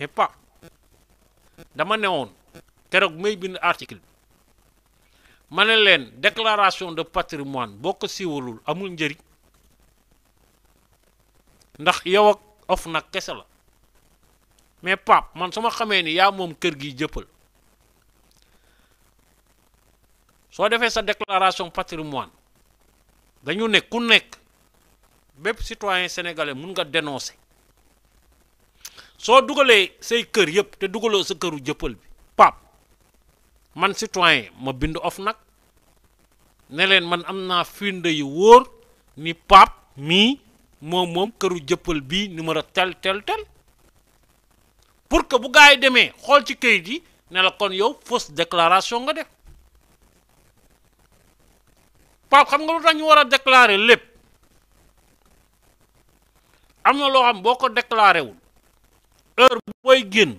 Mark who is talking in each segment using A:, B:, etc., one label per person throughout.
A: hippa dama newoon keroog may bind article ma ne leen déclaration de patrimoine boo ko siiwalul amul njëri ndax yow ak of nak kese la mais pap man suma xamee ni yaa moom kër gi jëppal soo defee sa déclaration patrimoine dañu ne ku nekk bépp citoyen sénégalais mun nga dénoncer soo dugalee say kër yëpp te dugaloo sa këru jëppal bi pap man citoyen ma bind of nag ne leen man am naa firnde yu wóor ni pap mii moom moom këru jëppal bii ni numéro tel tel tel pour que bu gaa yi demee xool ci këyit yi ne la kon yow fausse déclaration nga def pap xam nga lu tax ñu war a déclarer lépp am na loo xam boo ko déclaré wul heure boy genn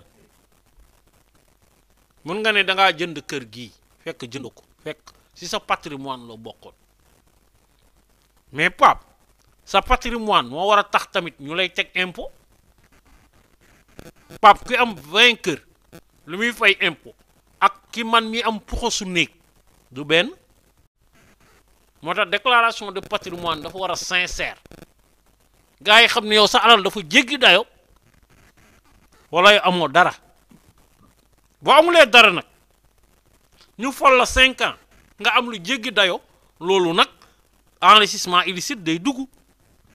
A: mën nga ne da nga jënd kër gi fekk jënd ko fekk si sa patrimoine lo bokkoon mais pap sa patrimoine mo wara tax tamit ñu lay tek impôt pap ki am 20 kër lu muy fay impôt ak ki man mi am puxasu néeg du ben motax déclaration de patrimoine dafa wara sincère gaay xamni yow sa alal dafa jéggi dayo wala yow amoo dara boo amulee dara nag ñu fol la cinq nga am lu jéggi dayo loolu nag enrichissement illicite day dugg